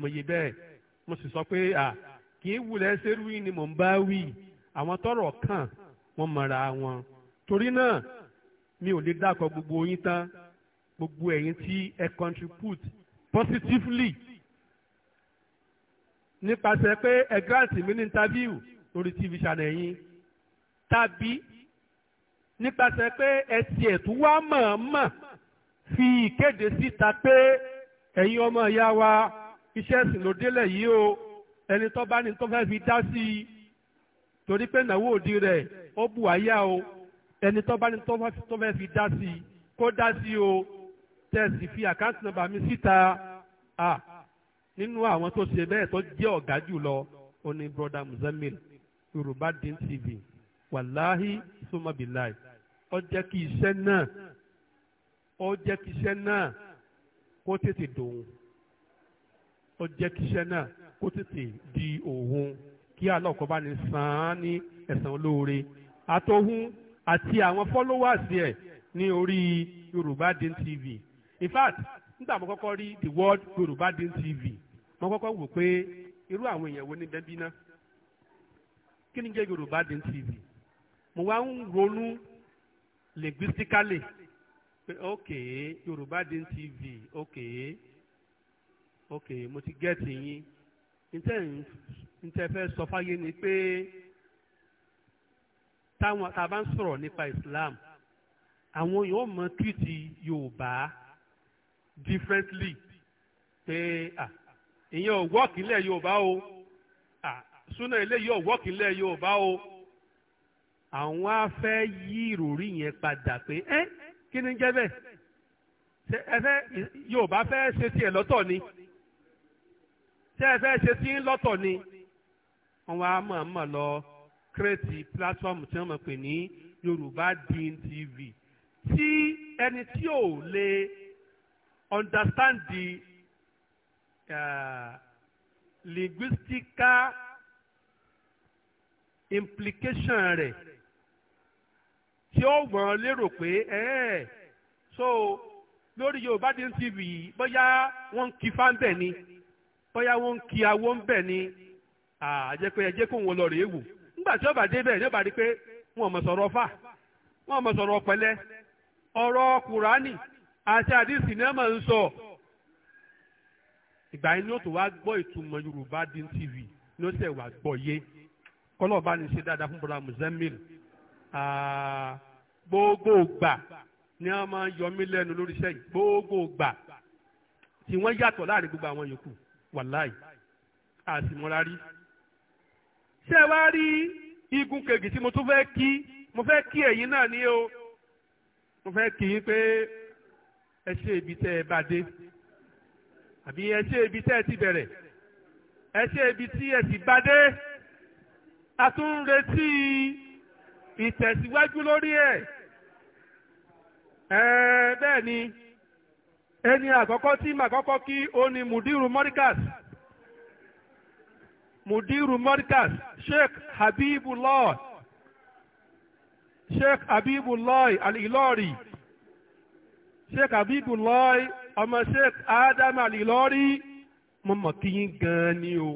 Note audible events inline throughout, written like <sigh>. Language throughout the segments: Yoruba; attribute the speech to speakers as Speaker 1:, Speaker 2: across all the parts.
Speaker 1: mo yí bẹ́ẹ̀ mo sì sọ pé à kì í wulẹ̀ ṣerú yìí ni mò ń bá wí àwọn tọ́rọ̀ kàn wọ́n mọ̀ra wọn torí náà mi ò lè dákọ̀ gbogbo yín tán gbogbo ẹ̀yin tí ẹ contribute positively nípasẹ̀ pé ẹ grant mi ní interview lórí tv channel yín tàbí nípasẹ̀ pé ẹ tiẹ̀ tún wá mọ̀ọ́mọ̀ fi ìkéde síta pé ẹ̀yin ọmọ ìyá wa iṣẹ́ ẹ̀sìn ló délẹ̀ yìí o ẹni tó bá ní tó fẹ́ fi dá sí i torí pé ìnáwó òdi rẹ̀ ó bù àyà o ẹni tó bá ní tó fẹ́ fi dá sí i kó dá sí i o tẹ̀sí fi àkáǹtì nọ́mbà mi síta a nínú àwọn tó ṣe bẹ́ẹ̀ tó jẹ́ ọ̀gá jù lọ ó ní broda Muzammil Yorùbá Deen TV wàláhí sọmọbìláì ó jẹ́ kí iṣẹ́ náà ó jẹ́ kí iṣẹ́ náà kó tètè dòun ó jẹ́ kíṣẹ́ náà kó tètè di òun kí aláwọ̀kọ́ bá ní san án ní ẹ̀san olóore àtọ̀hún àti àwọn followers ẹ̀ ní orí Yorùbá Deen TV in fact nígbà mo kọ́kọ́ rí the world Yorùbá Deen TV mo kọ́kọ́ wò pé irú àwọn èèyàn wo ní bẹ́ẹ̀ bí kí ni jẹ́ Yorùbá Deen TV mo wá ń ronú linguistically pé ok Yorùbá Deen TV ok. okay ok mo ti gẹ́ẹ̀tì yín níta fẹ́ sọ fáyé ni pé táwọn tá a bá ń sọ̀rọ̀ nípa Islam àwọn yóò mọ túìtì Yorùbá differently pé ìyẹn ò wọ́ọ̀kì ńlẹ̀ Yorùbá o súnà ilé yóò wọ́ọ̀kì ńlẹ̀ Yorùbá o àwọn á fẹ́ yí ìròrí yẹn padà pé ẹ́ kí ni jẹ́ bẹ́ẹ̀ ẹ fẹ́ Yorùbá fẹ́ ṣe tiẹ̀ lọ́tọ̀ ni tẹ́ ẹ fẹ́ ṣe sí lọ́tọ̀ ni wọ́n wá mọ̀ọ́mọ̀ lọ kírètì platform tí wọ́n mọ̀ pé ní Yorùbá Deen TV tí ẹni tí ò lè understand the uh, linguistical implication rẹ̀ tí ó wọ̀n lérò pé ẹ̀ẹ́ so lórí Yorùbá Deen TV yìí bóyá wọ́n ń kí fáńbẹ̀ ni bóyá wọ́n ń kí awó ń bẹ̀ ni àjẹ́ pé ẹjẹ́ kóun lọ rèé wò nígbà tí ọba dé bẹ́ẹ̀ ní ọba rí pé wọn mọ̀ sọ̀rọ̀ fà wọn mọ̀ sọ̀rọ̀ pẹ̀lẹ́ ọ̀rọ̀ kùránì àti àdìsí ni wọ́n mọ̀ ń sọ. ìgbà yẹn ni ó tó wá gbọ́ ìtumọ̀ Yorùbá Deen TV ni ó tẹ̀ wá gbọ́ yé kọ́lọ́ọ̀bá ni ṣe dáadáa fún bọ́lá Muzammil gbogbo gbà ni wọ́n máa ń yọ mí lẹ́nu lórí iṣẹ́ gbogbo gbà tí wọ́n yàtọ̀ láàrin gbogbo àwọn yòókù wàláì àtìmọ́ra rí. ṣé ẹ wá rí igun kejì tí mo tún fẹ́ kí mo fẹ́ kí ẹ̀yin náà ní o mo fẹ́ kí yín pé ẹ ṣe ibi tẹ́ ẹ bá dé àbí ẹ ṣe ibi tẹ́ ẹ ti bẹ̀rẹ̀ ẹ ṣe ibi tí ẹ ti bá dé a tún ń retí ìtẹ̀síwájú lórí ẹ̀ ẹ bẹ́ẹ̀ ni ẹni àkọ́kọ́ tí mà kọ́kọ́ kí ó ní mudiru morikas mudiru morikas sheikh habibullah sheikh habibullah alilori sheikh habibullah ọmọ sheikh adam alilori mo mọ̀ kí yín gan-an ni o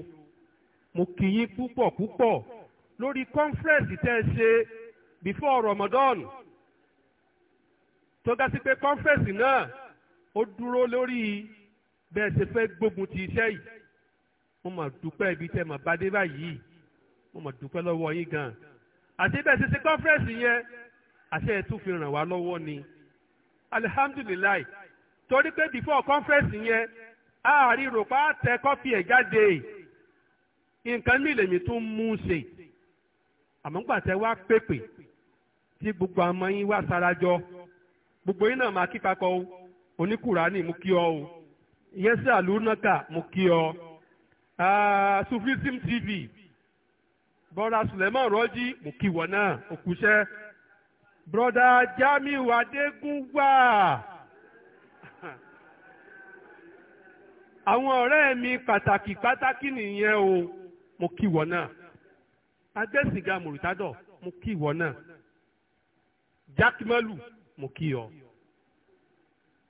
Speaker 1: mo kí yín púpọ̀ púpọ̀ lórí kọ́nfẹ́rẹ́nsì tẹ́ ẹ ṣe before Ramadan tó ga sí pé kọ́nfẹ́rẹ́nsì náà ó dúró lórí bẹ́ẹ̀ ṣe fẹ́ gbógun ti iṣẹ́ yìí mo mà dúpẹ́ ibi tẹ́ mà bá dé báyìí mo mà dúpẹ́ lọ́wọ́ yín gan àti bẹ́ẹ̀ ṣe ṣe kọ́fẹ́rẹ́sì yẹn àṣẹ ẹ̀ tún fi ràn wá lọ́wọ́ ni alihamdulilayi torí pé before conference yẹn ààrí rògbà tẹ kọ́pì ẹ̀ jáde nǹkan mi lèmi tún mú un ṣe àmọ́ nígbà tẹ wá pépè tí gbogbo àmọ́ yín wá sarajọ gbogbo yín náà máa kí papọ̀ o oníkùránì mú kí ọ o yẹsẹ àlùnáka mú kí ọ ah, sufrisim tv bọ́dà suleiman rọ́jí mú kí wọ́n náà òkúṣẹ́ bọ́dà jamiu adégúnwà àwọn ọ̀rẹ́ mi pàtàkì pàtàkì nìyẹn o mo kí wọ́n náà agbẹ́sìgá mùrìtádọ̀ mo kí wọ́n náà jákèmálù mo kí ọ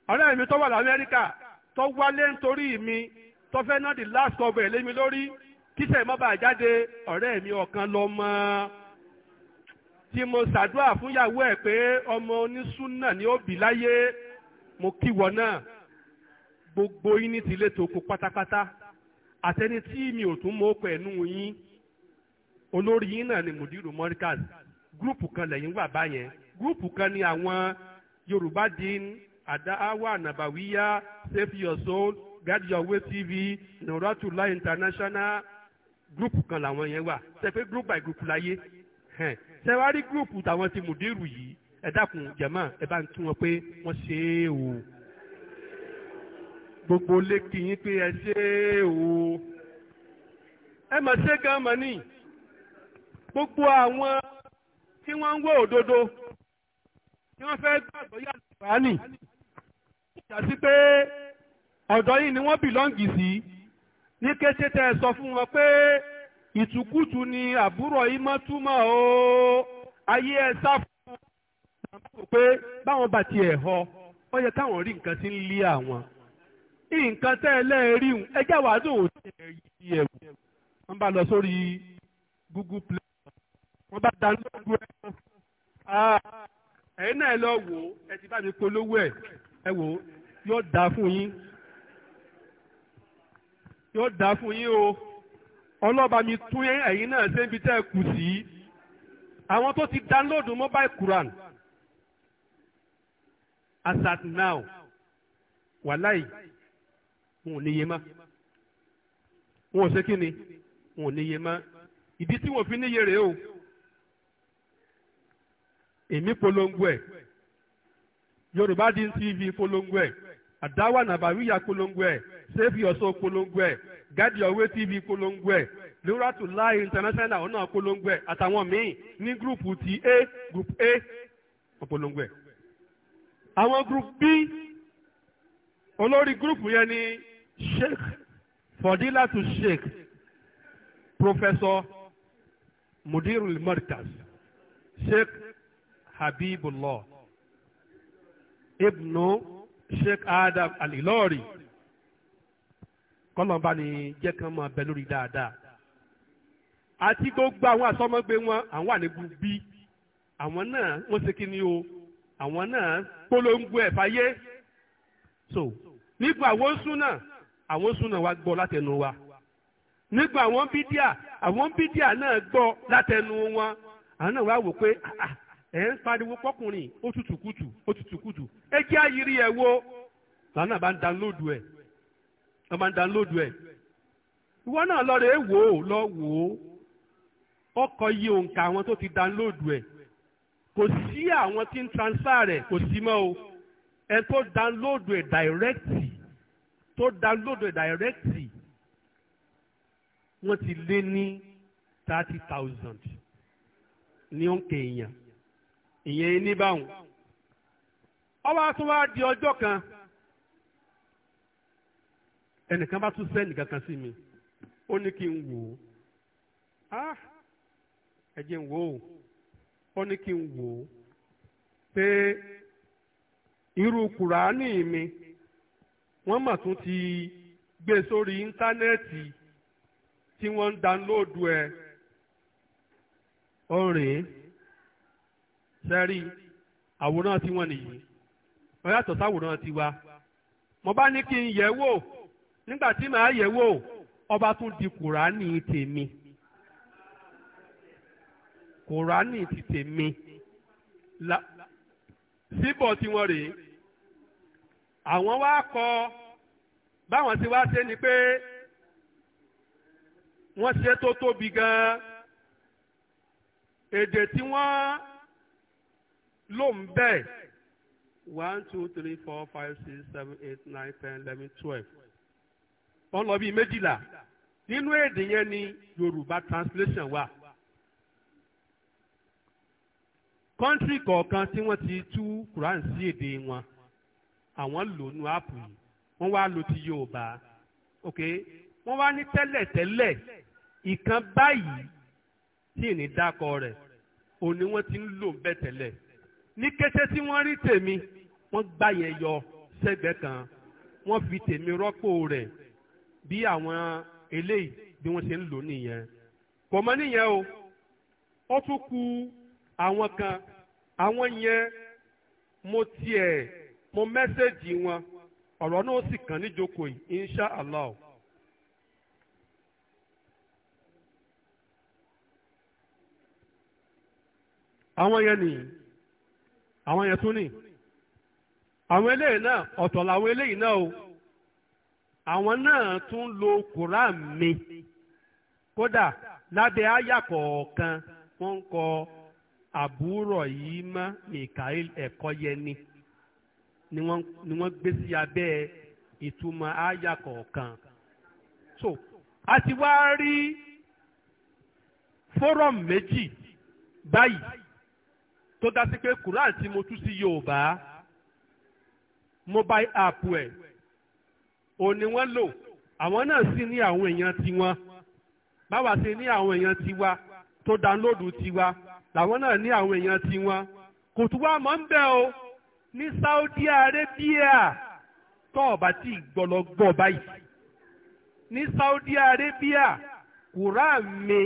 Speaker 1: ọ̀rẹ́ mi tó wà lamẹ́ríkà tó wálé nítorí mi tó fẹ́ náà di last cover lé mi lórí kíṣẹ̀ mọ́ bàa jáde ọ̀rẹ́ mi ọ̀kan lọ mọ́ tí mo ṣàdúrà fún yàwó ẹ̀ pé ọmọ onísùnà ni ó bí láyé mo kíwọ náà gbogbo yín ní tilé tó kó pátápátá àtẹni tí mi ò tún mọ́ pẹ̀lú yín olórí yín náà ni mudiru mọ́ríkàs gúrùpù kan lẹ́yìn wà báyẹn gúrùpù kan ni àwọn Yorùbá dín Adawa Nabawiya, Save Your Soul, Guard Your Way TV, Nuratullah International, group kan làwọn yẹn wà. Ṣé group by group láyé? Ṣé wá group tàwọn ti mùdírù yìí? Ẹ dákun jẹ̀mọ́ ẹ bá ń tún wọn pé wọ́n ṣe é o. Gbogbo lé kí yín pé ẹ ṣe é o. Ẹ mà ṣe gan mọ̀ Gbogbo àwọn tí wọ́n ń wò òdodo tí wọ́n fẹ́ gbàgbọ́ yàtọ̀ fàánì jásí pé ọ̀dọ́ yìí ni wọ́n bìlọ́ǹgì sí ní kété tẹ́ ẹ sọ fún wọn pé ìtùkùtù ni àbúrò yìí mọ́ túmọ̀ o ayé ẹ sá fún un pé báwọn bá tiẹ̀ họ ó yẹ káwọn rí nǹkan tí ń lé àwọn nǹkan tẹ́ ẹ lẹ́ẹ̀rí hùn ẹjẹ́ wàá dùn ó ti ẹ̀rí ẹ̀wù wọ́n bá lọ sórí Google Play wọ́n bá dá lóògùn ẹ̀rọ ah, ẹ̀yin náà lọ wò ó ti bá mi polówó ẹ̀ ẹ wò ó yóò dáa fún yín yóò dáa fún yín o ọlọ́ba mi tún ẹ̀yin náà ṣébi tẹ́ ẹ kù sí àwọn tó ti dánlóòdù mobile Quran as at now wàláì wọn ò níye má wọn ò ṣe kí ni wọn ò níye má ìdí tí wọn fi níye rèé o èmi polongo ẹ Yorùbá Deen TV polongo ẹ àdáwà nàbàwíyà polongo kolongwe, save your soul polongo ẹ̀ your way tv kolongwe, ẹ̀ to láì international ọ̀nà polongo ẹ̀ àtàwọn míì ní group ti a group a wọ́n polongo àwọn group b olórí group yẹn ni sheikh to sheikh professor mudirul markaz sheikh habibullah ibnu. Sheikh Adam Alilori kọ́lọ́mbà ni jẹ́ kán máa bẹ lórí dáadáa àti gbogbo àwọn àsọmọgbé wọn àwọn wà ní gbùgbí àwọn náà wọ́n ṣe kí ni o àwọn náà polongo ẹ̀ fàyè so nígbà àwọn súnà àwọn súnà wa gbọ́ látẹnu wa nígbà àwọn bídíà àwọn bídíà náà gbọ́ látẹnu wọn àwọn náà wá wò pé ah, ah, ẹ̀ ń pariwo pọ́kùnrin ó tutù kùtù ó tutù kùtù ẹ jẹ́ àyírí ẹ̀ wo lànà bá ń dánlóòdù ẹ̀ ẹ máa ń dánlóòdù o ìwọ náà lọ rẹ̀ wò ó lọ wò ó ọkọ̀ iye òǹkà àwọn tó ti dánlóòdù kò sí àwọn tí ń transfer e kò sí mọ́ o ẹ tó dánlóòdù ẹ dàírẹ́kìtì tó dánlóòdù ẹ ti lé ní thirty ìyẹn ní báwọn ọba tún wá di ọjọ́ kan ẹnìkan bá tún sẹ́ẹ̀lì kankan sí mi ó ní kí n wò ó ah! ẹ jẹ́ n wò ó ó ní kí n wò ó pé irú kùránì mi wọ́n mà tún ti gbé sórí íńtánẹ́ẹ̀tì tí wọ́n ń dánlóòdù ẹ̀ ọ̀rìn. sẹ́rí àwòrán tí wọ́n nìyí wọ́n yàtọ̀ sáwòrán tiwa mo bá ní kí n yẹ̀ wò nígbà tí màá yẹ̀ wò ọba tún di kùránì tèmi kùránì tèmi la síbọ̀ tí wọ́n rèé àwọn wá kọ báwọn ti wá ṣe ni pé wọ́n ṣe tó tóbi gan-an èdè tí wọ́n ló ń one two three four five six seven eight nine ten eleven twelve wọ́n lọ bíi méjìlá nínú èdè yẹn ni Yorùbá translation wà. kọ́ńtì kọ̀ọ̀kan tí wọ́n ti tú Quran sí èdè wọn àwọn lò nu áàpù yìí wọ́n wá lo ti Yorùbá ok wọ́n wá ní tẹ́lẹ̀tẹ́lẹ̀ ìkan báyìí tí ì ní rẹ̀ òní wọ́n ti ń lò bẹ́ẹ̀ tẹ́lẹ̀ ní kété tí wọ́n rí tèmi wọ́n gbá yẹn yọ sẹ́gbẹ̀ẹ́ kan wọ́n fi tèmi rọ́pò rẹ̀ bí àwọn eléyìí bí wọ́n ṣe ń lò nìyẹn kò mọ nìyẹn o ó tún ku àwọn kan àwọn yẹn mo tiẹ̀ mo mẹ́sẹ̀gì wọn ọ̀rọ̀ náà sì kàn níjókòó yìí insha allah. àwọn yẹn nìyí àwọn yẹn tún ní àwọn eléyìí náà ọ̀tọ̀ làwọn eléyìí náà o àwọn náà tún lo Quran mi kódà lábẹ́ àyà kọ̀ọ̀kan wọ́n ń kọ àbúrò yìí mọ́ Mikael ẹ̀kọ́ yẹn ni ni wọ́n gbé sí abẹ́ ìtumọ̀ àyà kọ̀ọ̀kan. so a ti wá rí fọ́rọ̀m méjì báyìí tó dá sí pé Quran tí mo tú sí Yorùbá mobile app ẹ̀ òun ni wọ́n lò àwọn náà sì ní àwọn èèyàn tiwọn báwa ṣe ní àwọn èèyàn tiwa tó dánlóòdù tiwa làwọn náà ní àwọn èèyàn tiwọn kò tún wá mọ́ ń bẹ̀ o ní Saudi Arabia tó bá ti gbọlọgbọ báyìí ní Saudi Arabia Quran mi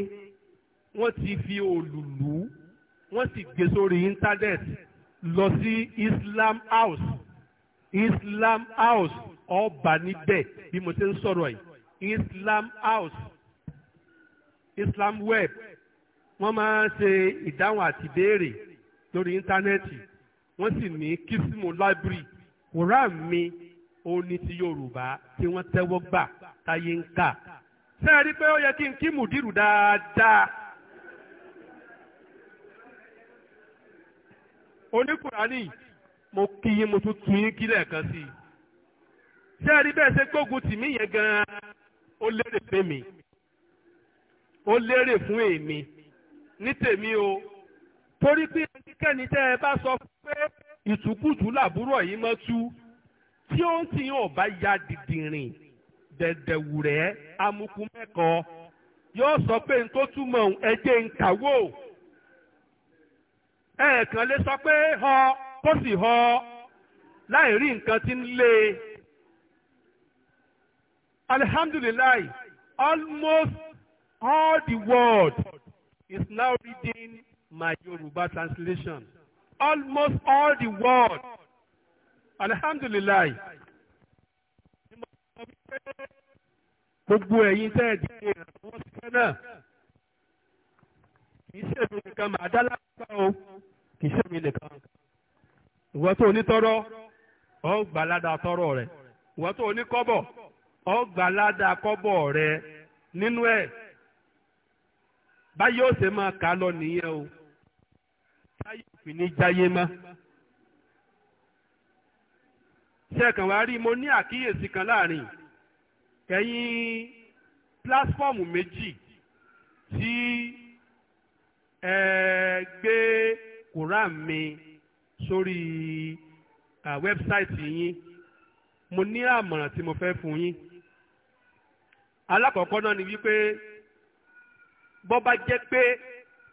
Speaker 1: wọ́n ti fi òlùlù wọ́n sì gbé sórí íńtánẹ́ẹ̀tì lọ sí Islam House Islam House ọba níbẹ̀ bí mo ti ń sọ̀rọ̀ yìí Islam House Islam Web wọ́n máa ń ṣe ìdáhùn àti ìbéèrè lórí íńtánẹ́ẹ̀tì wọ́n sì ní kìsìmù library Quran mi ó ní ti Yorùbá tí wọ́n tẹ́wọ́ gbà táyé ń kà. sẹ́ẹ̀rí pé ó yẹ kí n kí mùdírù dáadáa. oníkùránì mo kí yín mo tún tu yín kí lẹ́ẹ̀kan sí i. ṣé ẹ rí bẹ́ẹ̀ ṣe gbógun tìmí yẹn gan-an ó lérè fún mi ó lérè fún èmi ní tèmi o torí pé ẹnikẹ́ni tẹ́ ẹ bá sọ pé ìtùkùtù làbúrò yìí mọ́ tú tí ó ń tì yín ò ya dìdìrìn dẹ̀dẹ̀wùrẹ́ amukú mẹ́kọ̀ọ́ yóò sọ pé n tó túmọ̀ ẹ̀jẹ̀ ń kàwó ẹ̀ẹ̀kan lè sọ pé họ kó sì họ láì rí nǹkan tí ń lé e. alihamdulilayi almost all the world is now reading my Yoruba translation almost all the world alihamdulilayi gbogbo ẹ̀yin tẹ́ ẹ̀ dìde ìrànlọ́wọ́ sí fẹ́ náà. kì í nìkan màá dá lápá o kì í ṣe mi nìkan ìwọ tó ọ tó oníkọ́bọ̀ o ní jáyé má wá mo ní àkíyèsí kan láàrin pílásífọ́ọ̀mù méjì tí. ẹ gbé quran mi sórí wẹ́bsáìtì yín mo ní àmọ̀ràn tí mo fẹ́ fún yín alákọ̀ọ́kọ́ náà ni wípé bọ́ bá jẹ́ pé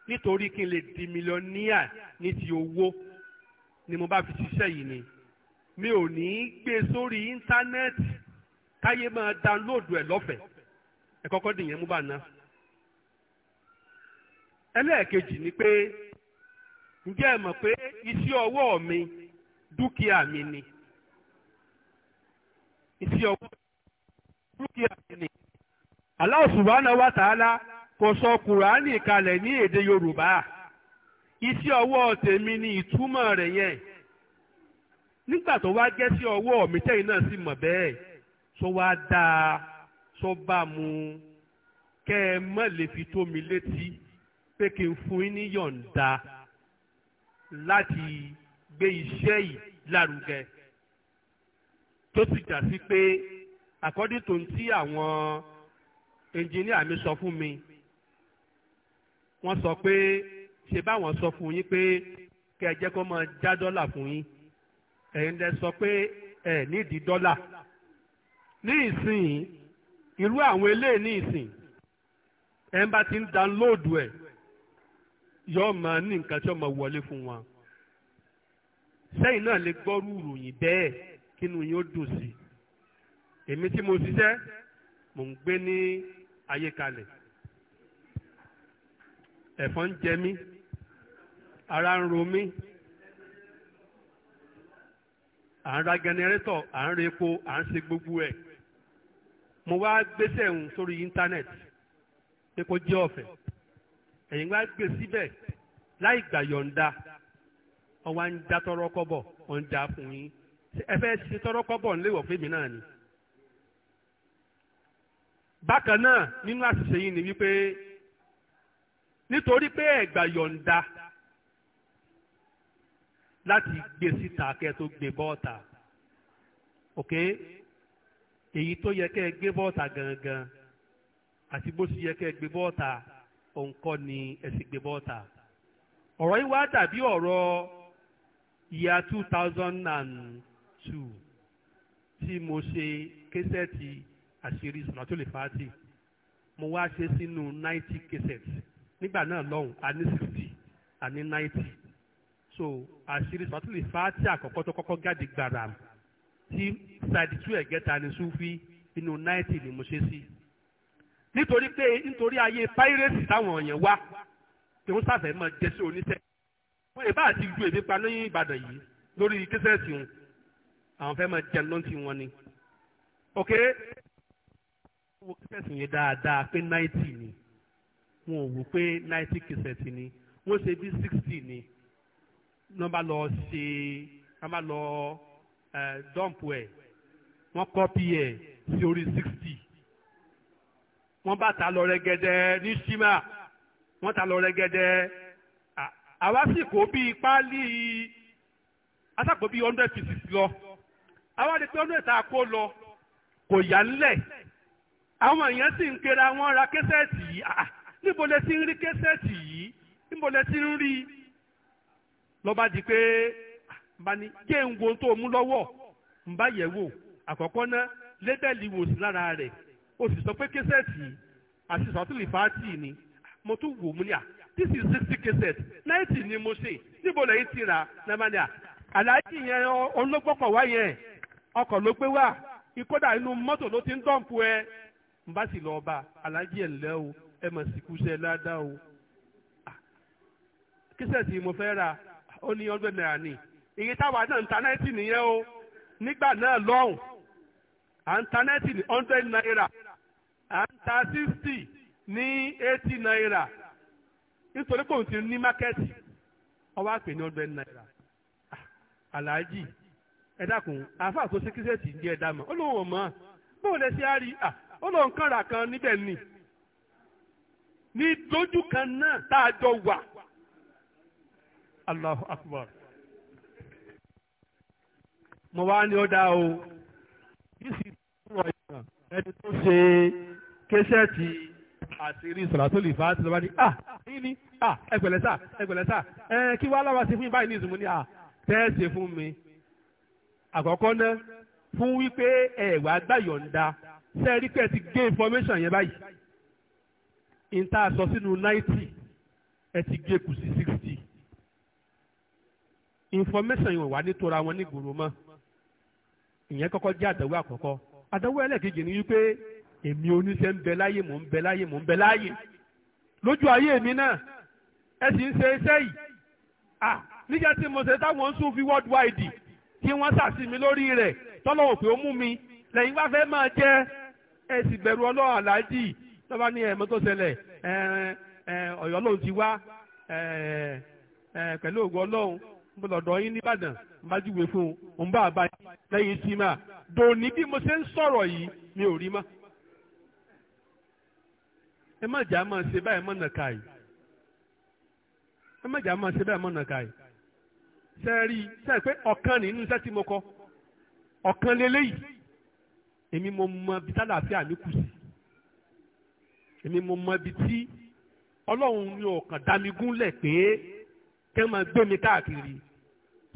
Speaker 1: nítorí kí n lè di mílíọ̀níà ní ti owó ni mo bá fi ṣiṣẹ́ yìí ni mi ò ní í gbé sórí íńtánẹ́ẹ̀tì káyé máa dáńlóòdù ẹ̀ lọ́fẹ̀ẹ́ ẹ̀kọ́kọ́ dìyẹn mú bá ná. ẹlẹ́ẹ̀kejì ni pé ǹjẹ́ ẹ mọ̀ pé ọwọ́ mi dúkìá mi ni iṣẹ́ ọwọ́ dúkìá mi ni sọ kùránì kalẹ̀ ní èdè Yorùbá iṣẹ́ ọwọ́ tèmi ni ìtumọ̀ rẹ̀ yẹn nígbà tó wá jẹ́ sí ọwọ́ mi tẹ́yìn náà sì mọ̀ bẹ́ẹ̀ wá dáa bá mu kẹ́ fi tó mi létí. pé kí n fún yín ní yọ̀ǹda láti gbé iṣẹ́ yìí lárugẹ tó sì jà sí pé according to ti àwọn ẹnjìníà mi sọ fún mi wọ́n sọ pé ṣe báwọn sọ fún yín pé kẹ́ ẹ jẹ́ kó máa já dọ́là fún yín ẹ̀yin lẹ sọ pé ẹ nídìí dọ́là ní ìsìn irú àwọn eléyìí ní ìsìn ẹ̀ ń bá ti ń download ẹ̀ yóò máa ní nǹkan tí ó máa wọlé fún wọn sẹ́yìn náà lè gbọ́rú ìròyìn bẹ́ẹ̀ kínú yín ó dùn sí èmi tí mo ṣiṣẹ́ mò ń gbé ní ayékalẹ̀ ẹ̀fọn ń jẹ mí ara ń ro mí à ń ra gẹnẹrétọ̀ à ń re epo à ń ṣe gbogbo ẹ̀ mo wá gbéṣẹ́ òun sórí íńtánẹ́ẹ̀tì pé kó jẹ́ ọ̀fẹ́ ẹ̀yin wá gbé síbẹ̀ láì gbà yọ̀ǹda ọwọ́ ń já tọrọ kọ́bọ̀ ọ̀ ń já fún yín ẹ fẹ́ ṣe tọrọ kọ́bọ̀ ńléwọ̀ fèmí náà ni. bákan náà nínú àṣìṣe yìí ni wípé nítorí pé ẹ gbà yọ̀ǹda láti gbé síta kẹ́ tó gbé bọ́ọ̀ta ok èyí tó yẹ kẹ́ ẹ gbé bọ́ọ̀ta gangan àti bó sì yẹ kẹ́ gbé bọ́ọ̀ta òun kọ́ ni ẹ̀sìn gbé bọ́ta ọ̀rọ̀ yìí wá dàbí ọ̀rọ̀ ìyá two thousand and two tí mo ṣe késẹ́ẹ̀tì àṣírí ìsọ̀nà tó lè fa tì mo wá ṣe sínú ninety késẹ́ẹ̀tì nígbà náà lọ́hùn a ní sixty a ní ninety so àṣírí ìsọ̀nà tó lè fa tì àkọ́kọ́ tó kọ́kọ́ jáde gbàrà tí side two ẹ̀gẹ́ta ní sufi inú ninety ni mo ṣe sí. Si nítorí pé nítorí ayé pírẹ́sì táwọn èèyàn wá tí wọ́n sàfẹ́ máa jẹ́ sí oníṣẹ́ wọ́n ìbá àti ju èmi pa lóyún Ìbàdàn yìí lórí kẹsẹ̀sì wọn àwọn fẹ́ máa jẹun lọ́ntì wọn ni ok wọ́n kẹsẹ̀sì yẹn dáadáa pé náìtì ni wọn ò wò pé náìtì kẹsẹ̀sì ni wọ́n ṣe bí sixty ni wọ́n bá lọ ṣe wọ́n bá lọ eh, dọ́ǹpù ẹ̀ wọ́n kọ́pì ẹ̀ sí orí sixty wọ́n bá ta lọ rẹ́gẹ́dẹ́ ní sima wọ́n ta lọ rẹ́gẹ́dẹ́ àwa sì kó bíi páálí asàkó bíi hundred pieces lọ àwa rí i pé hundred tá a kó lọ kò yá ńlẹ̀ àwọn èèyàn sì ń kera wọn ra kẹsẹ̀tì yìí níbo lẹ ti ń rí kẹsẹ̀tì yìí níbo lẹ ti ń rí lọ́ba di pé bani jẹ́ ń wo tó mú lọ́wọ́ ń bá yẹ̀ wò àkọ́kọ́ ná lébẹ̀lì wò sí lára rẹ̀ o sì sọ pé kẹsẹ̀tì àti sọ́tìlì fàátì ni mo tún wò múlíà this is sixty kẹsẹ̀t náìtì ni mo ṣe níbo lẹ́yìn ti rà nàmánìà aláàjì yẹn ọlọ́gbọ́pọ̀ wá yẹn ọkọ̀ ló gbé wá kódà inú mọ́tò ló ti ń dọ̀m̀pù ẹ n bá sì lọ bá aláàjì ẹ̀ lẹ́ o ẹ mọ̀ sí kúṣẹ́ ládàá o kẹsẹ̀tì mo fẹ́ ra ó ní ọgbẹ́ náírà ni iye táwa náà ń ta náìtì nìyẹn o nígbà náà lọ́hùn à ń ta náìtì ní hundred naira à ń ta sixty ní eighty naira nítorí pòun ti ní mákẹ́tì ọwọ́ àpè ní ọgbẹ́ naira. Ah, aláàjì ẹ dákun àáfàá tó ṣe kíṣẹ́ẹ̀tì ń jẹ́ ẹ̀dá mọ́ ó lóun ò mọ́ bóun lè ṣe á rí à ah, ó lóun kàn rà kan níbẹ̀ ni ní lójú kan náà tá a jọ wà Allahu Akbar mo wá ní ọ̀dà o yìí sì fún ọ̀yàn ẹni tó ṣe kẹsẹ́ẹ̀tì àti rí sọ̀làtòlì fàá ti lọ́wọ́ ní à yín ni à ẹgbẹ̀lẹ́ sà ẹgbẹ̀lẹ́ sà ẹ kí wàá láwa ṣe fún yín báyìí ní ìsìnkú ní à tẹ́ẹ̀sì fún mi àkọ́kọ́ náà fún wípé ẹ̀wà gbàyọ̀ǹda sẹ́ẹ̀rí pé ẹ ti gé information yẹn báyìí n tá a sọ sínú ninety ẹ ti gé kù sí sixty information yẹn wà nítora wọn nígboro mọ́ ìyẹn kọ́kọ́ jẹ́ àdánwò àkọ́kọ́ àdánwò ẹlẹ́ẹ̀kejì ni wípé èmi oníṣẹ́ ń bẹ láyè mò ń bẹ láyè mò ń bẹ láyè lójú ayé mi náà ẹ sì ń ṣe iṣẹ́ yìí à níjà tí mo ṣe táwọn ń sún fi world wide tí wọ́n ṣàṣì mi lórí rẹ̀ tọ́lọ̀ òpè ó mú mi lẹ́yìn bá fẹ́ máa jẹ́ ẹ sì bẹ̀rù ọlọ́run aláàjì lọ́ba ní ẹ̀mọ́ tó ṣẹlẹ̀ ọ̀yọ́ lòun ti wá pẹ̀lú ògùn ọlọ́run lọ́dọ̀ yín nìbàdàn bá fún un òun bá a bá yín lẹ́yìn tí mà dòní bí mo ṣe ń sọ̀rọ̀ yìí mi ò rí mọ́ ẹ má jà máa ṣe báyìí mọ̀nà káyì ẹ má jà máa ṣe báyìí mọ̀nà káyì ṣe rí ṣe pé ọ̀kan nínú iṣẹ́ tí mo kọ ọ̀kan lélẹ́yìí èmi mo mọ ibi tálàáfíà mi kù sí èmi mo mọ ibi tí ọlọ́run ni ọ̀kan dá mi gúnlẹ̀ pé kẹ́ máa gbé mi káàkiri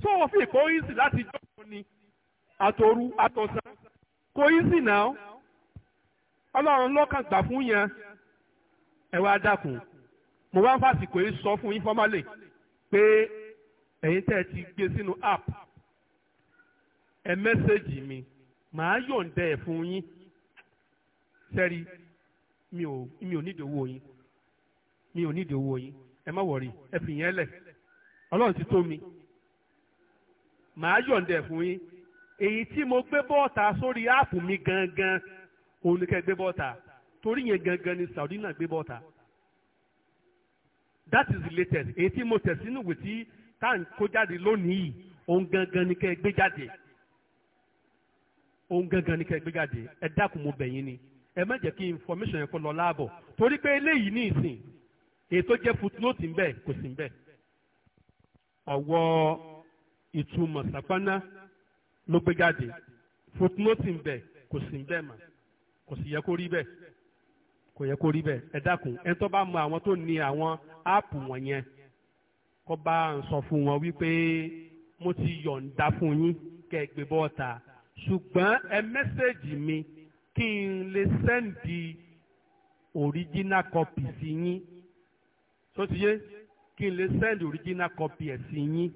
Speaker 1: tó o fi kó yín sí ni àtòru àtọ̀sán kó náà ọlọ́run lọ́kàn gbà fún yẹn ẹ wá dákun mo wá ń fàsìkò yìí sọ fún informally pé ẹ̀yin tẹ́ ẹ ti gbé sínú app ẹ mẹ́sẹ̀gì mi màá yọ̀ǹda ẹ̀ fún yín sẹ́rí mi ò mi ò nídìí owó yín mi ò nídìí owó yín ẹ má wọ̀rí ẹ fi yẹn lẹ̀ ọlọ́run ti tó mi màá yọ̀ǹda ẹ̀ fún yín èyí tí mo gbé bọ́ọ̀tà sórí áàpù mi gangan òun ni kẹ́ gbé bọ́ọ̀tà torí yẹn gangan ni Saudi náà gbé bọ́ta that is the latest èyí tí mo tẹ̀sí nùwé tí tá à ń kó jáde lónìí òun gangan ni kẹ́ ẹ gbé jáde òun gangan ni kẹ́ ẹ gbé jáde ẹ dákun mo bẹ̀yìn ni ẹ má jẹ́ kí information yẹn kó lọ láàbọ̀ torí pé eléyìí ní ìsìn èyí tó jẹ́ footnote ń bẹ kò sí ń bẹ ọ̀wọ́ ìtumọ̀ sàpáná ló gbé jáde footnote ń bẹ kò sí ń bẹ mà kò sì yẹ kó rí bẹ́ẹ̀. kò yẹ kó rí bẹ́ẹ̀ ẹ dákun ẹ tó bá mọ àwọn tó ní àwọn áàpù wọ̀nyẹn kó bá ń sọ fún wọn wípé mo ti yọ̀ǹda fún yín kẹ́ ẹ gbé bọ́ọ̀ta ṣùgbọ́n ẹ mẹ́sẹ̀gì mi kí n lè sẹ́ǹdì original copy sí yín tó ti yé kí n lè sẹ́ǹdì original copy ẹ̀ sí yín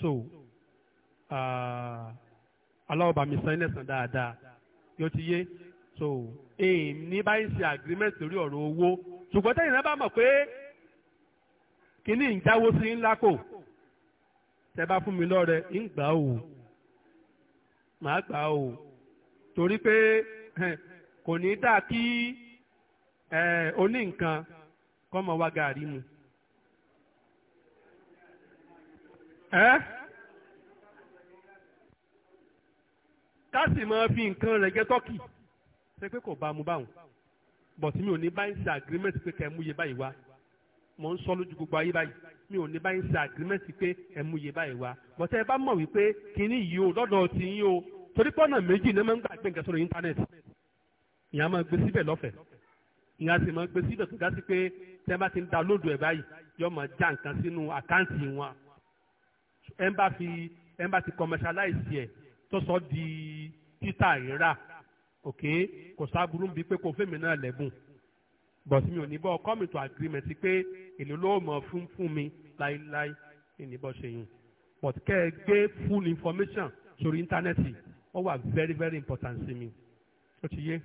Speaker 1: so aláwọ̀ ah, bàmí sàn ilẹ̀ sàn dáadáa yóò ti yé so èyí ní báyìí ṣe agreement lórí ọ̀rọ̀ owó ṣùgbọ́n tẹ́yìn náà bá mọ̀ pé kínní ń jáwó sí ńlá kò tẹ́ bá fún mi lọ́rẹ ń gbà ó màá gbà ó torí pé kò ní dáa kí oní nǹkan kọ́ mọ wá gàrí mu. ká sì máa fi nǹkan rẹ̀ gẹ́tọ́kì ṣe pé kò bá mu báwọn but mi ò ní báyìí ṣe agreement pé kẹ́ ẹ mú iye báyìí wá mo ń sọ lójú gbogbo ayé báyìí mi ò ní báyìí ṣe agreement pé ẹ mú iye báyìí wá but ẹ bá mọ̀ wípé kínní yìí o lọ́dọ̀ ti yín o torí pé ọ̀nà méjì ní ẹ máa ń gbà gbé nǹkan sórí íńtánẹ́ẹ̀tì ìyá máa gbé síbẹ̀ lọ́fẹ̀ẹ́ ìyá sì máa gbé síbẹ̀ tó dá sí pé tẹ́ bá ti ń download ẹ̀ báyìí yóò máa já òkè kò sábúrú bíi pé kò fẹ́mi náà lẹ́bùn bọ̀sí mi ò ní bọ́ come to agreement pé èlò ló mọ̀ fún fún mi láíláí ní bọ́ ṣe yùn but kẹ́ ẹ gbé full information sórí íńtánẹ́ẹ̀tì ó wà very very important sí mi ó ti yé.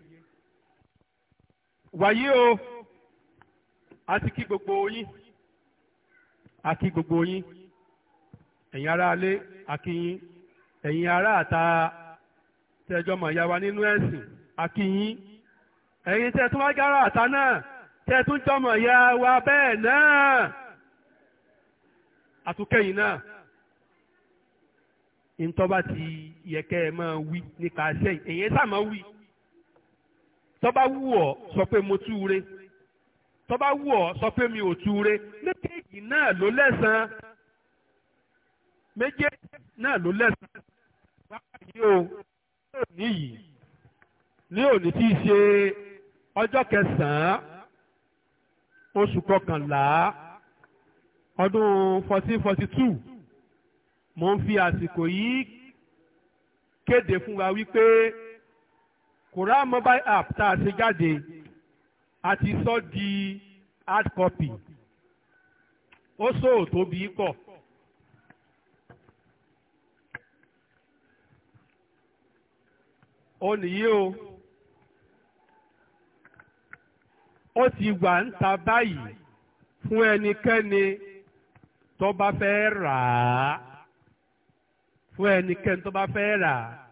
Speaker 1: wàyí o a ti kí gbogbo yín a kí gbogbo yín ẹ̀yin ará alé a kí yín ẹ̀yin ará àta tẹ́jọ́ mọ̀ ìyá wa nínú ẹ̀sìn àkìyín ẹ̀yin tẹ́ tún wá gára àta náà tẹ́ tún jọmọ̀ ìyá wa bẹ́ẹ̀ náà àtúnkẹ́yìn náà ntọ́ba ti yẹ kẹ́ ẹ máa wí nípa sẹ́yìn èyí sá máa wí tọ́ba wù ọ́ sọ pé mo túure tọ́ba wù ọ́ sọ pé mi ò túure méjèèjì náà ló lẹ́sàn-án méjèèjì náà ló lẹ́sàn-án báyìí o òní yìí ní òní tí í ṣe ọjọ́ kẹsàn-án oṣù kọkànlá ọdún fourteen forty two mo ń fi àsìkò yìí kéde fún wa wípé Quran mobile app tá a ṣe jáde a ti sọ di hard copy ó sóòtó bí pọ̀. ó nìyí o ó ti wà ń ta báyìí fún ẹnikẹ́ni tó bá fẹ́ rà á fún ẹnikẹ́ni tó bá fẹ́ rà á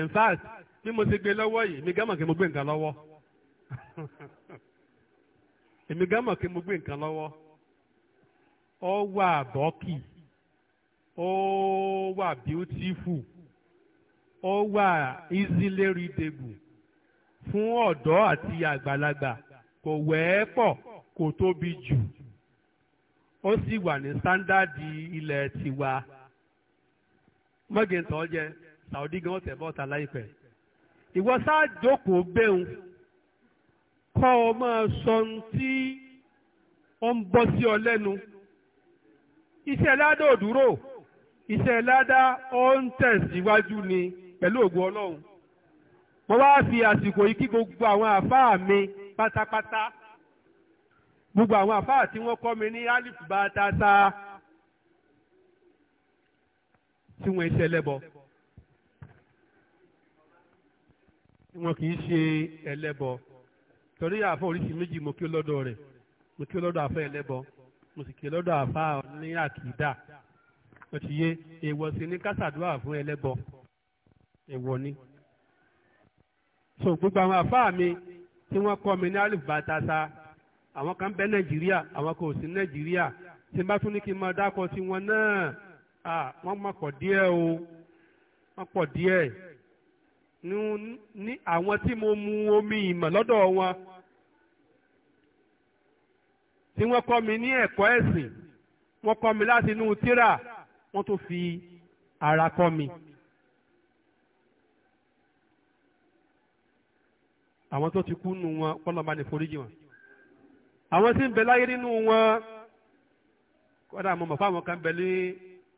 Speaker 1: in fact bí mo ti gbé lọ́wọ́ yìí mi gámọ̀ kí mo gbé nǹkan lọ́wọ́ <laughs> èmi gámọ̀ kí mo gbé nǹkan lọ́wọ́ ó wà bọ́ọ̀kì ó wà beautiful ó wà easily readable fún ọ̀dọ́ àti àgbàlagbà kò wẹ́ẹ́ pọ̀ kò tóbi jù ó sì wà ní sándàdì ilẹ̀ tiwa mọ́gìntàn jẹ Saudi gan ọ̀tẹ̀ bọ́ta láìpẹ́ ìwọ sáà jókòó gbẹ̀hùn kọ́ ọ máa sọ ohun tí ó ń bọ́ sí ọ lẹ́nu iṣẹ́ ládàá ò dúró iṣẹ́ ládàá ó ń tẹ̀síwájú ni pẹ̀lú ògùn ọlọ́run mo wá fi àsìkò yìí kí gbogbo àwọn àfáà mi pátápátá gbogbo àwọn àfáà tí wọ́n kọ́ mi ní alif batata tí wọ́n ṣe ẹlẹ́bọ tí wọ́n kì í ṣe ẹlẹ́bọ torí àfọ oríṣi méjì mo kí lọ́dọ̀ rẹ̀ mo kí lọ́dọ̀ àfọ ẹlẹ́bọ mo sì kí lọ́dọ̀ àfáà ní àkìdá mo ti yé èèwọ̀ sí ní kásàdúrà fún ẹlẹ́bọ èèwọ̀ ni. so gbogbo àwọn àfáà mi tí wọ́n kọ́ mi ní alif batasa àwọn kan bẹ nàìjíríà àwọn kan ò sí nàìjíríà tí n bá tún ní kí n máa dákọ sí wọn náà wọ́n má pọ̀ díẹ̀ o wọ́n pọ̀ díẹ̀ ní àwọn tí mo mu omi ìmọ̀ lọ́dọ̀ wọn tí wọ́n kọ́ mi ní ẹ̀kọ́ ẹ̀sìn wọ́n kọ́ mi láti inú tírà wọ́n tó fi ara kọ́ mi. àwọn tó ti kú nù wọn kọ́lọ́mbà ní foríjì wọn àwọn tí ń bẹ láyé nínú wọn kọ́dà mo mọ̀ fáwọn kan bẹ ní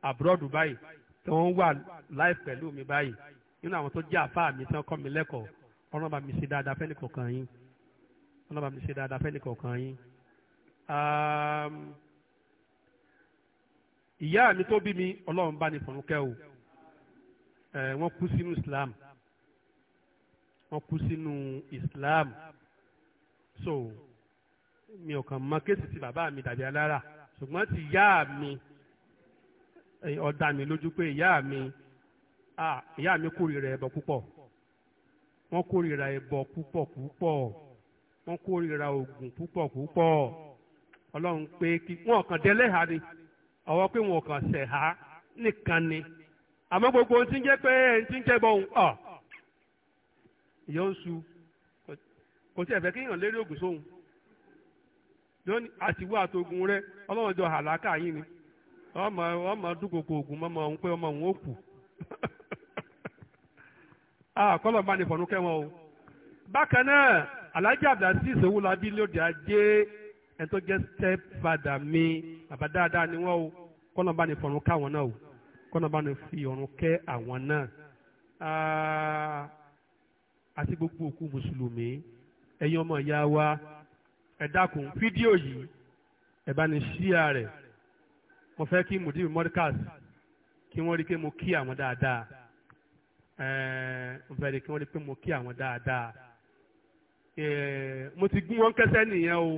Speaker 1: àbúrọ̀dù báyìí tí wọ́n wà láì pẹ̀lú mi báyìí nínú àwọn tó jẹ́ àfáà mi tí wọ́n kọ́ mi lẹ́kọ̀ọ́ ọlọ́ba mi ṣe dáadáa fẹ́ nìkọ̀ọ̀kan yín ọlọ́ba mi ṣe dáadáa fẹ́ nìkọ̀ọ̀kan yín. ìyá mi tó bí mi ọlọ́run bá ní fọ̀rùn o wọ́n kú sínú Islam wọ́n kú sínú Islam so mi ò kàn mọ kéèsì tí bàbá mi dàbí alára ṣùgbọ́n ti ìyá mi ó dá mi lójú pé ìyá mi ìyá mi kórìíra ẹbọ púpọ̀ wọ́n kórìíra ẹbọ púpọ̀ púpọ̀ wọ́n kórìíra oògùn púpọ̀ púpọ̀ ọlọ́run pé kí wọ́n kàn délẹ́hà ni ọwọ́ pé wọ́n kàn ṣẹ̀há nìkan ni àmọ́ gbogbo ohun tí ń jẹ́ pé ẹni tí ń jẹ́ bọ́ ọ̀ ìyẹn su kò sí ẹ̀fẹ́ kéèyàn lérí ògùn sóhun lónìí àtiwọ́ àtogun rẹ ọlọ́run jọ yín ni ọmọ ọmọ dúkokò ogun mọ́mọ òun pé ọmọ òun ó kù àkọlọ̀ <laughs> bá ní fọ̀nù o bákan náà abdulaziz lóde ajé ẹni tó jẹ́ step father mi bàbá dáadáa ni wọ́n o bá ní fọ̀nù àwọn náà. Ah, àti gbogbo òkú mùsùlùmí ẹ̀yin ọmọ ìyá wa ẹ dákun fídíò yìí ẹ bá ní ṣíà rẹ̀ mo fẹ́ kí mùdíbi mọ́díkàs kí wọ́n rí pé mo kí àwọn dáadáa ẹ̀ẹ́n mo fẹ́ rí kí wọ́n rí pé mo kí àwọn dáadáa ẹ̀ẹ́ mo ti gún wọn kẹsẹ́ nìyẹn o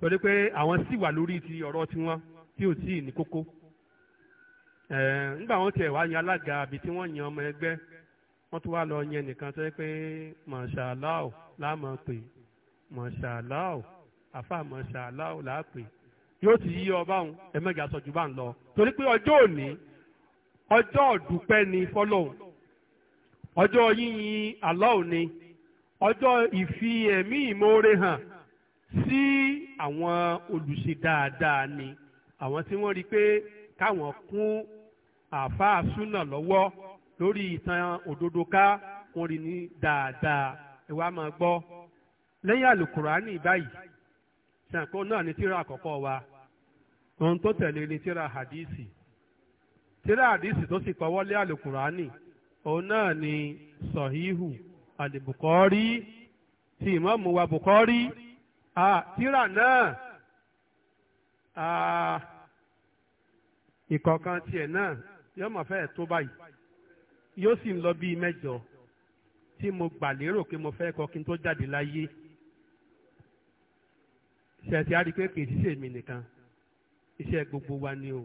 Speaker 1: torí pé àwọn sì wà lórí ti ọ̀rọ̀ tiwọn tí ò tí ì ní kókó ẹ̀ẹ́n nígbà wọn tiẹ̀ wá yan alága àbí tí wọ́n yan ọmọ ẹgbẹ́ wọ́n tún wá lọ yẹn nìkan tó yẹ pé mọ̀ṣáláò láàmọ̀ pè mọ̀ṣáláò àfa mọ̀ṣáláò láàpè yóò ti yí ọba òun ẹ̀mẹ́gà sọ jù bá ń lọ torí pé ọjọ́ òní ọjọ́ ọ̀dùpẹ́ ni fọ́lọ́hùn ọjọ́ yíyin Allah ni ọjọ́ ìfi ẹ̀mí ìmoore hàn sí àwọn olùṣe dáadáa ni àwọn tí wọ́n rí i pé káwọn kún àáfàá súnà lọ́wọ́ lórí ìtàn òdodo ká wọn rí ní dáadáa ẹ wá máa gbọ́ lẹ́yìn àlùkùránì báyìí sànkó náà ní tíra àkọ́kọ́ wa ohun tó tẹ̀lé ní tíra hadisi tíra hadisi tó sì kọ́wọ́ lé àlùkùránì òun náà ni sọ̀híhù àlìbùkọ́rí ti ìmọ̀ọ́mù wa bùkọ́rí tíra náà ìkọ̀ọ̀kan tiẹ̀ náà yọ́mọ̀ fẹ́ẹ̀ tó báyìí yóò sì ń lọ bíi mẹ́jọ tí mo gbà lérò pé mo fẹ́ kọ kí n tó jáde láyé ṣèṣì á rí i pé kì í ṣiṣẹ́ mi nìkan iṣẹ́ gbogbo wa ni o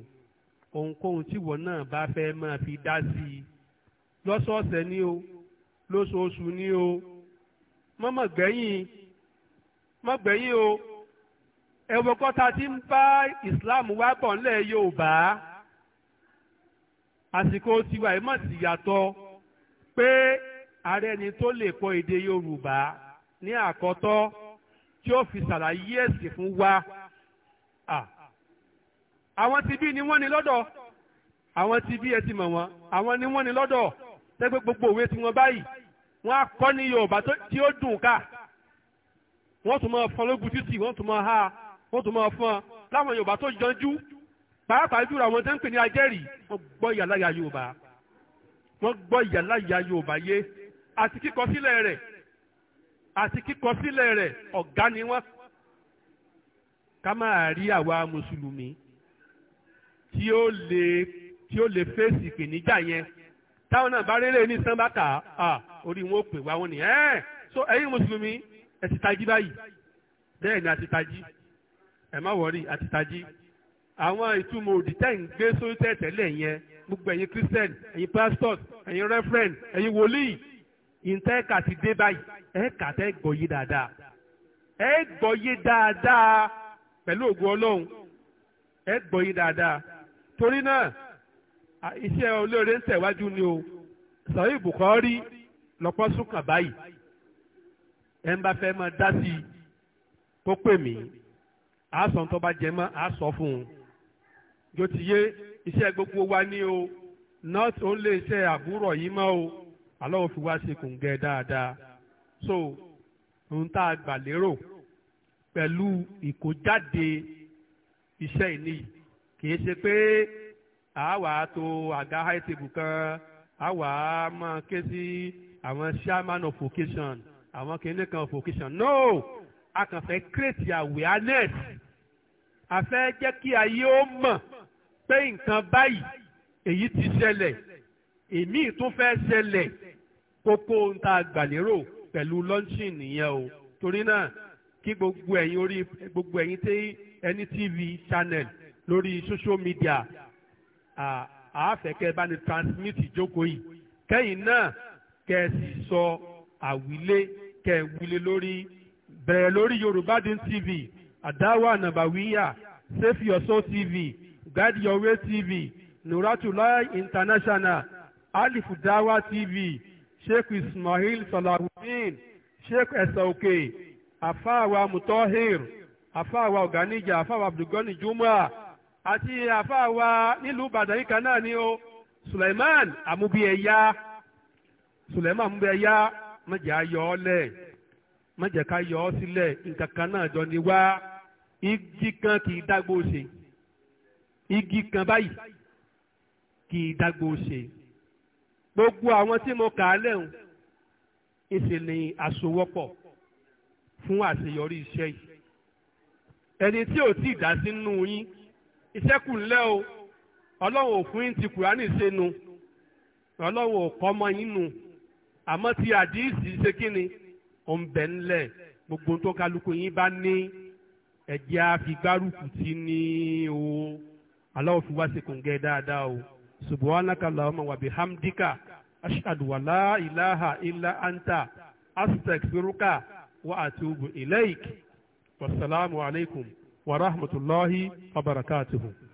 Speaker 1: ohunkóhun tí ìwọ náà bá fẹ́ máa fi dá sí i lọ́sọ̀ọ̀sẹ̀ ni o lóṣooṣù ni o mọ́mọ́ gbẹ̀yìn mọ́ gbẹ̀yìn o ẹ̀wọ̀n kọ́ta ti ń bá ìsìláàmù wá bọ̀ ńlẹ̀ Yorùbá àsìkò tiwa yìí má ti yàtọ̀ pé ààrẹ ni tó lè kọ èdè Yorùbá ní àkọ́tọ́ tí ó fi ṣàlàyé ẹ̀sìn fún wa àwọn tí bí ni wọ́n ní lọ́dọ̀ àwọn tí bí ẹ ti mọ̀ wọ́n àwọn ni wọ́n ní lọ́dọ̀ tẹ́gbẹ́ gbogbo òwe tí wọ́n báyìí wọ́n á kọ́ ní Yorùbá tí ó dùn ká wọ́n tún máa fọ́n lógun títì wọ́n tún máa ha wọ́n tún máa fọ́n láwọn Yorùbá tó yanjú pàápàá jùlọ àwọn tó ń pè ní ajẹ́rìí wọ́n gbọ́ ìyàláyà Yorùbá wọ́n gbọ́ ìyàláyà Yorùbá yé àti kíkọ sílẹ̀ rẹ̀ àti kíkọ sílẹ̀ rẹ̀ ọ̀gá ni wọ́n ká máa rí àwa mùsùlùmí tí ó lè tí ó lè fèsì ìpèníjà yẹn táwọn náà bá rélé ní sanbaka orí wọn ò pè wá wọn ni ẹ́ẹ̀ so ẹ̀yin mùsùlùmí ẹ ti tají báyìí bẹ́ẹ̀ ni a tají ẹ má wọrí a tají àwọn ìtumọ̀ òdì tẹ́ ń gbé sórí tẹ́tẹ́lẹ̀ yẹn gbogbo ẹ̀yin christian ẹ̀yin pastors ẹ̀yin reverend ẹ̀yin wòlíì ìǹtẹ́ẹ̀kà ti dé báyìí ẹ̀ẹ́kà tẹ́ gbọ́yé dáadáa ẹ̀ gbọ́yé dáadáa pẹ̀lú ògùn ọlọ́run ẹ̀ gbọ́yé dáadáa torí náà iṣẹ́ olóore ń tẹ̀wájú ni o sọ̀rọ̀ ìbùkọ́ rí lọ́pọ̀ súnkàn báyìí ẹ̀ ń bá fẹ́ máa dá sí i kó pè mí àásọ̀ tó bá jẹ mọ́ àásọ̀ fún un yóò ti yé iṣẹ́ gbogbo wa ní o not only iṣẹ́ àbúrò yìí mọ́ o Allah fi wá ṣe kòǹgẹ́ dáadáa so ohun tá a gbà lérò pẹ̀lú ìkójáde iṣẹ́ ìní kìí ṣe pé àwa tó àga high table kan àwa máa ké sí àwọn chairman of vocation àwọn kìnìún kan of vocation no a kàn fẹ́ create awareness a fẹ́ jẹ́ kí ayé ó mọ̀ pé nǹkan báyìí èyí ti ṣẹlẹ̀ èmi tún fẹ́ ṣẹlẹ̀ kókó ń ta gbàlérò pẹ̀lú lọ́ńṣìn nìyẹn o torí náà kí gbogbo ẹ̀yin orí gbogbo ẹ̀yin tí ẹni tv channel lórí social media àáfẹ̀kẹ́ bá ní transmit ìjókòó yìí kẹ́yìn náà kẹ́ ẹ sì sọ àwílé kẹ́ ẹ wílé lórí bẹ̀rẹ̀ lórí Yorùbá Deen TV àdáwà nàbàwíyà Save Your TV Guide Your Way TV, Nuratullah International, Alif Dawa TV, Sheikh Ismail Salahuddin, Sheikh esauke Afawa Mutohir, Afawa Oganija, Afawa Abdulgani Juma, àti Afawa nílùú Ìbàdàn yìí ni o, Suleiman Amubieya, Suleiman Amubieya, mọ̀jẹ̀ ayọ̀ ọ́ lẹ̀, mọ̀jẹ̀ ká yọ ọ́ sílẹ̀, nǹkan kan náà jọ ni wá, igi kan kì í dágbó ṣe. igi kan báyìí kì í dágbò ṣe gbogbo àwọn tí mo kà á lẹ́hùn ìṣẹ̀lẹ̀ àsowọ́pọ̀ fún àṣeyọrí iṣẹ́ yìí ẹni tí ò tí ì dá sínú yín iṣẹ́ kù ńlẹ́ o ọlọ́run ò fún yín ti kùránì sẹ́nu ọlọ́run ò kọ́ ọmọ yín nu àmọ́ ti àdíìsì ṣe kí ni ò ń bẹ̀ ńlẹ̀ gbogbo tó kálukú yín bá ní ẹ̀jẹ̀ àfigbárùkù tí ní o aláwọ̀ fi wá sí kòǹgẹ́ dáadáa o subhanaka allahumma wa bihamdika ashhadu wa la ilaha illa anta astaghfiruka wa atubu ilaik wasalaamu alaykum wa rahmatulahi wa barakatuhu.